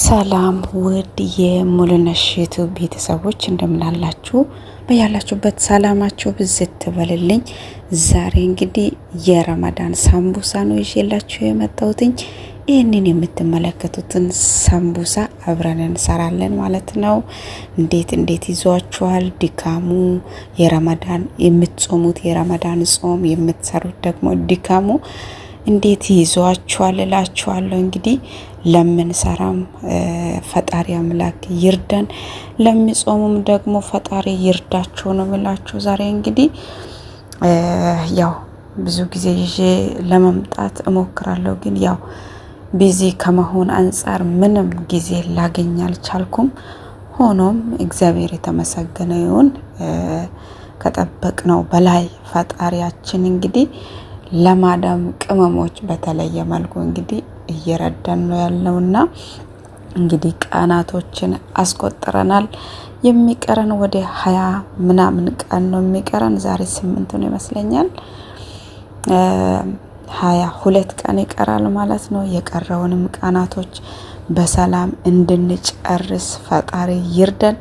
ሰላም ውድ የሙሉነሽ ቤተሰቦች እንደምናላችሁ፣ በያላችሁበት ሰላማችሁ ብዝት ትበልልኝ። ዛሬ እንግዲህ የረመዳን ሳምቡሳ ነው ይዤላችሁ የመጣሁትኝ። ይህንን የምትመለከቱትን ሳምቡሳ አብረን እንሰራለን ማለት ነው። እንዴት እንዴት ይዟችኋል? ድካሙ የረመዳን የምትጾሙት የረመዳን ጾም የምትሰሩት ደግሞ ድካሙ እንዴት ይዟችኋል እላችኋለሁ እንግዲህ ለምንሰራም ፈጣሪ አምላክ ይርዳን፣ ለሚጾሙም ደግሞ ፈጣሪ ይርዳቸው ነው ብላችሁ ዛሬ እንግዲህ ያው ብዙ ጊዜ ይዤ ለመምጣት እሞክራለሁ፣ ግን ያው ቢዚ ከመሆን አንጻር ምንም ጊዜ ላገኝ አልቻልኩም። ሆኖም እግዚአብሔር የተመሰገነ ይሁን። ከጠበቅነው በላይ ፈጣሪያችን እንግዲህ ለማዳም ቅመሞች በተለየ መልኩ እንግዲህ እየረዳን ነው ያለውና እንግዲህ ቀናቶችን አስቆጥረናል። የሚቀረን ወደ ሀያ ምናምን ቀን ነው የሚቀረን። ዛሬ ስምንት ነው ይመስለኛል። ሀያ ሁለት ቀን ይቀራል ማለት ነው። የቀረውንም ቀናቶች በሰላም እንድንጨርስ ፈጣሪ ይርደን።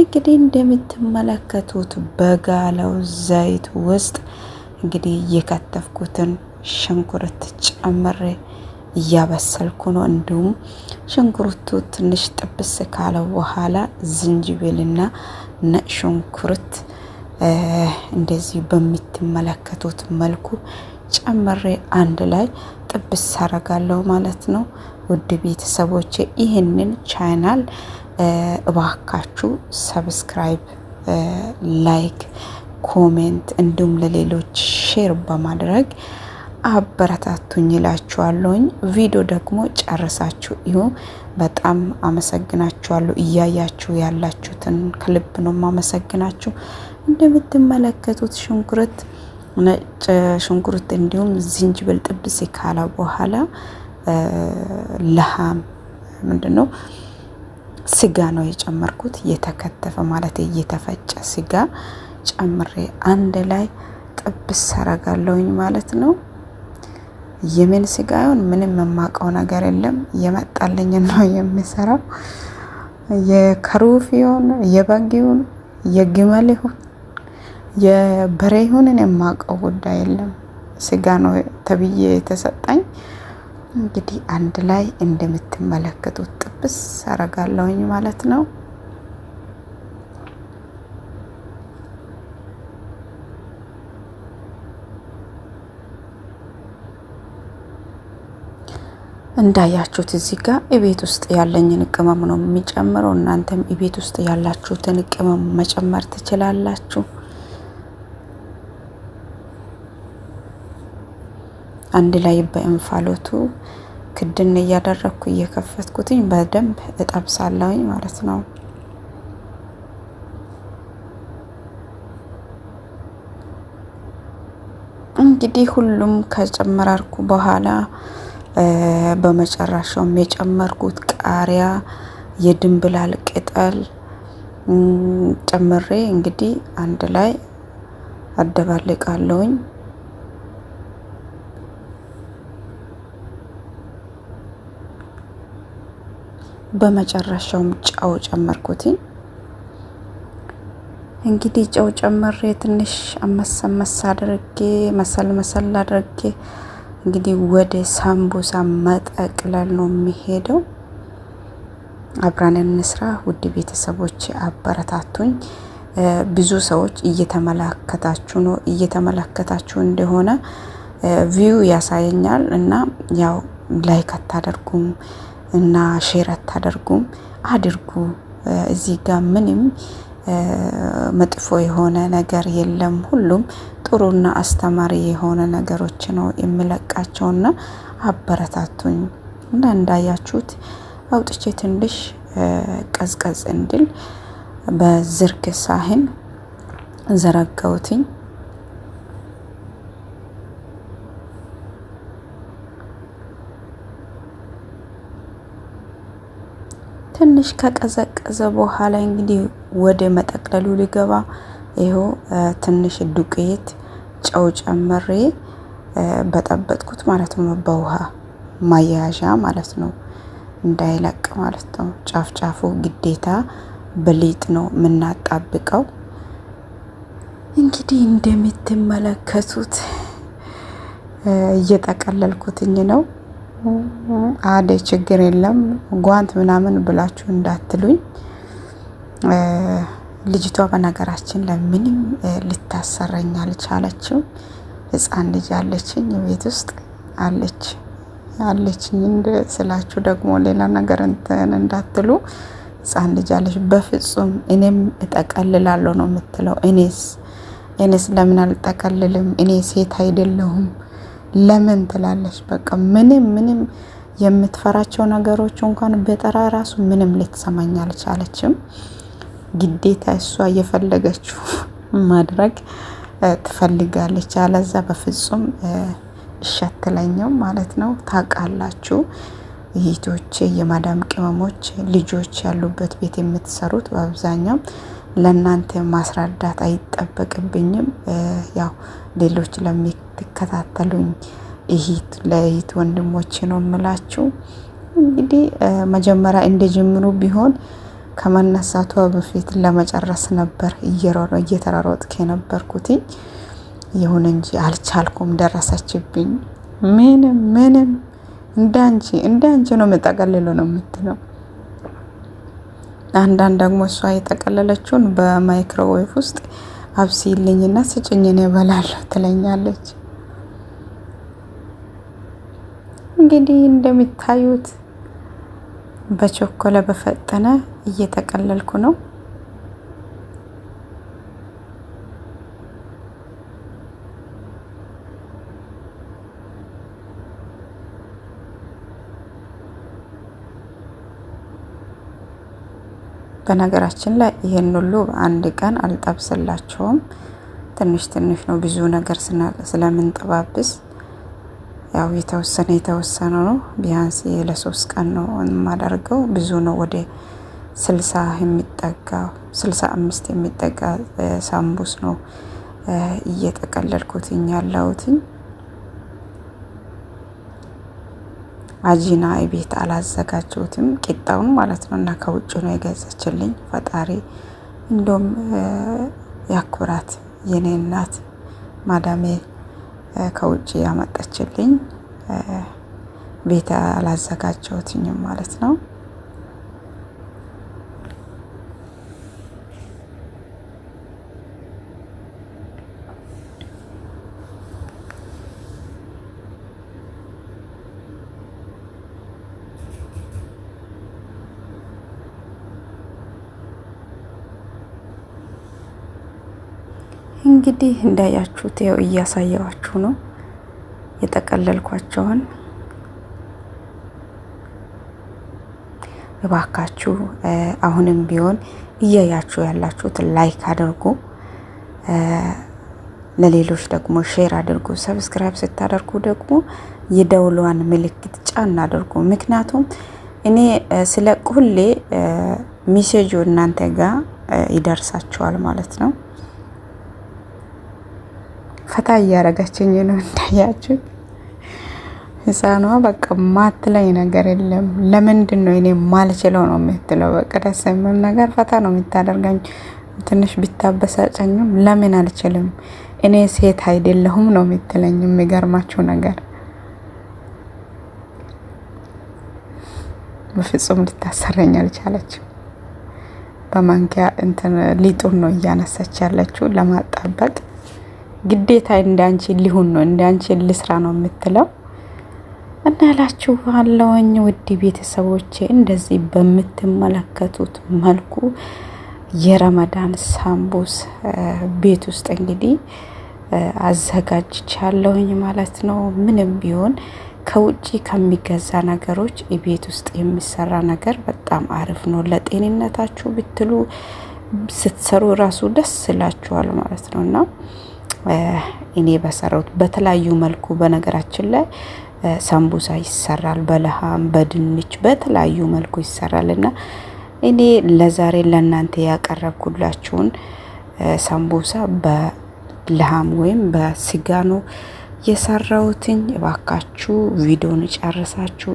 እንግዲህ እንደምትመለከቱት በጋለው ዘይት ውስጥ እንግዲህ የከተፍኩትን ሽንኩርት ጨምሬ እያበሰልኩ ነው። እንዲሁም ሽንኩርቱ ትንሽ ጥብስ ካለ በኋላ ዝንጅብልና ነጭ ሽንኩርት እንደዚህ በምትመለከቱት መልኩ ጨምሬ አንድ ላይ ጥብስ አረጋለሁ ማለት ነው። ውድ ቤተሰቦች ይህንን ቻናል እባካችሁ ሰብስክራይብ፣ ላይክ፣ ኮሜንት እንዲሁም ለሌሎች ሼር በማድረግ አበረታቱኝ ይላችኋለሁኝ። ቪዲዮ ደግሞ ጨርሳችሁ ይሁ በጣም አመሰግናችኋለሁ። እያያችሁ ያላችሁትን ከልብ ነው ማመሰግናችሁ። እንደምትመለከቱት ሽንኩርት፣ ነጭ ሽንኩርት እንዲሁም ዝንጅብል ጥብስ ካለ በኋላ ለሃም ምንድን ነው ስጋ ነው የጨመርኩት፣ እየተከተፈ ማለት እየተፈጨ ስጋ ጨምሬ አንድ ላይ ጥብስ አረጋለሁኝ ማለት ነው። የምን ስጋውን ምንም የማውቀው ነገር የለም። የመጣልኝ ነው የምሰራው። የከሩፍ ይሁን የበግ ይሁን የግመል ይሁን የበሬ ይሁን የማውቀው ጉዳይ የለም። ስጋ ነው ተብዬ የተሰጠኝ። እንግዲህ አንድ ላይ እንደምትመለከቱት ጥብስ አረጋለሁኝ ማለት ነው። እንዳያችሁት እዚህ ጋር እቤት ውስጥ ያለኝን ቅመም ነው የሚጨምረው። እናንተም እቤት ውስጥ ያላችሁትን ቅመም መጨመር ትችላላችሁ። አንድ ላይ በእንፋሎቱ ክድን እያደረግኩ እየከፈትኩትኝ በደንብ እጠብሳለሁኝ ማለት ነው። እንግዲህ ሁሉም ከጨመራርኩ በኋላ በመጨረሻውም የጨመርኩት ቃሪያ፣ የድንብላል ቅጠል ጨምሬ እንግዲህ አንድ ላይ አደባልቃለሁኝ። በመጨረሻውም ጨው ጨመርኩትኝ። እንግዲህ ጨው ጨምሬ ትንሽ አመሰመስ አድርጌ መሰል መሰል አድርጌ እንግዲህ ወደ ሳምቦሳ መጠቅለል ነው የሚሄደው። አብራን እንስራ ውድ ቤተሰቦች አበረታቱኝ። ብዙ ሰዎች እየተመላከታችሁ ነው እየተመለከታችሁ እንደሆነ ቪው ያሳየኛል እና ያው ላይክ አታደርጉም እና ሼር አታደርጉም፣ አድርጉ። እዚህ ጋር ምንም መጥፎ የሆነ ነገር የለም። ሁሉም ጥሩና አስተማሪ የሆነ ነገሮች ነው የምለቃቸውና አበረታቱኝ እና እንዳያችሁት አውጥቼ ትንሽ ቀዝቀዝ እንድል በዝርግ ሳህን ዘረጋውትኝ ትንሽ ከቀዘቀዘ በኋላ እንግዲህ ወደ መጠቅለሉ ሊገባ ይኸው ትንሽ ዱቄት ጨው ጨምሬ በጠበጥኩት ማለት ነው። በውሃ ማያያዣ ማለት ነው። እንዳይለቅ ማለት ነው። ጫፍ ጫፉ ግዴታ በሊጥ ነው የምናጣብቀው። እንግዲህ እንደምትመለከቱት እየጠቀለልኩትኝ ነው። አደ ችግር የለም ጓንት ምናምን ብላችሁ እንዳትሉኝ። ልጅቷ በነገራችን ለምንም ልታሰረኝ አልቻለችም። ህፃን ልጅ አለችኝ ቤት ውስጥ አለች አለችኝ ስላችሁ ደግሞ ሌላ ነገር እንትን እንዳትሉ። ህፃን ልጅ አለች በፍጹም እኔም እጠቀልላለሁ ነው የምትለው። እኔስ እኔስ ለምን አልጠቀልልም? እኔ ሴት አይደለሁም ለምን ትላለች። በቃ ምንም ምንም የምትፈራቸው ነገሮች እንኳን በጠራ ራሱ ምንም ልትሰማኝ አልቻለችም። ግዴታ እሷ እየፈለገችው ማድረግ ትፈልጋለች። አለዛ በፍጹም እሸትለኝም ማለት ነው። ታውቃላችሁ ይህቶቼ የማዳም ቅመሞች ልጆች ያሉበት ቤት የምትሰሩት በአብዛኛው ለእናንተ ማስረዳት አይጠበቅብኝም። ያው ሌሎች ለሚከታተሉኝ እህት ለእህት ወንድሞች ነው የምላችሁ። እንግዲህ መጀመሪያ እንደ ጅምሩ ቢሆን ከመነሳቷ በፊት ለመጨረስ ነበር እየተራሮጥክ የነበርኩትኝ። ይሁን እንጂ አልቻልኩም፣ ደረሰችብኝ። ምንም ምንም እንዳንቺ እንዳንቺ ነው የምጠቀልለው ነው የምትለው ለአንዳንድ ደግሞ እሷ የጠቀለለችውን በማይክሮዌቭ ውስጥ አብሲልኝና ስጭኝ እኔ እበላለሁ ትለኛለች። እንግዲህ እንደሚታዩት በቸኮለ በፈጠነ እየጠቀለልኩ ነው። በነገራችን ላይ ይሄን ሁሉ በአንድ ቀን አልጠብስላቸውም። ትንሽ ትንሽ ነው፣ ብዙ ነገር ስለምንጠባብስ ያው የተወሰነ የተወሰነ ነው። ቢያንስ ለሶስት ቀን ነው የማደርገው። ብዙ ነው፣ ወደ ስልሳ የሚጠጋ ስልሳ አምስት የሚጠጋ ሳምቡስ ነው እየጠቀለልኩትኝ ያለሁትኝ። አጂና ቤት አላዘጋጀሁትም፣ ቂጣውን ማለት ነው። እና ከውጭ ነው የገዘችልኝ። ፈጣሪ እንዲም ያኩራት የኔ እናት ማዳሜ ከውጭ ያመጣችልኝ ቤት አላዘጋጀሁትኝም ማለት ነው። እንግዲህ እንዳያችሁት ያው እያሳየዋችሁ ነው የጠቀለልኳቸውን። እባካችሁ አሁንም ቢሆን እያያችሁ ያላችሁት ላይክ አድርጉ፣ ለሌሎች ደግሞ ሼር አድርጉ። ሰብስክራይብ ስታደርጉ ደግሞ የደውሏን ምልክት ጫን አድርጉ። ምክንያቱም እኔ ስለ ቁሌ ሜሴጁ እናንተ ጋር ይደርሳችኋል ማለት ነው። ፈታ እያረገችኝ ነው። እንዳያችሁ ህፃኗ በቃ ማትለኝ ነገር የለም። ለምንድን ነው እኔ ማልችለው ነው የምትለው። በቃ ደስ ነገር ፈታ ነው የምታደርገኝ። ትንሽ ቢታበሳጨኝም ለምን አልችልም እኔ ሴት አይደለሁም ነው የምትለኝ። የሚገርማችሁ ነገር በፍጹም ልታሰረኝ አልቻለችም። በማንኪያ እንትን ሊጡን ነው እያነሳች ያለችው ለማጣበቅ ግዴታ እንዳንቺ ሊሆን ነው እንዳንቺ ልስራ ነው የምትለው እና እላችኋለሁኝ ውድ ቤተሰቦቼ እንደዚህ በምትመለከቱት መልኩ የረመዳን ሳምቡስ ቤት ውስጥ እንግዲህ አዘጋጅቻለሁኝ ማለት ነው። ምንም ቢሆን ከውጭ ከሚገዛ ነገሮች ቤት ውስጥ የሚሰራ ነገር በጣም አሪፍ ነው። ለጤንነታችሁ ብትሉ ስትሰሩ ራሱ ደስ ይላችኋል ማለት ነው እና እኔ በሰራሁት በተለያዩ መልኩ በነገራችን ላይ ሳምቡሳ ይሰራል፣ በለሃም በድንች በተለያዩ መልኩ ይሰራል እና እኔ ለዛሬ ለእናንተ ያቀረብኩላችሁን ሳምቡሳ በለሃም ወይም በስጋ ነው የሰራሁትኝ። እባካችሁ ቪዲዮን ጨርሳችሁ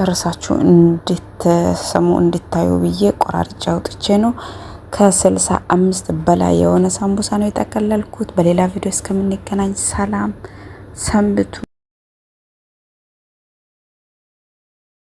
ጨርሳችሁ እንድትሰሙ እንድታዩ ብዬ ቆራርጬ አውጥቼ ነው። ከስልሳ አምስት በላይ የሆነ ሳምቡሳ ነው የጠቀለልኩት። በሌላ ቪዲዮ እስከምንገናኝ ሰላም ሰንብቱ።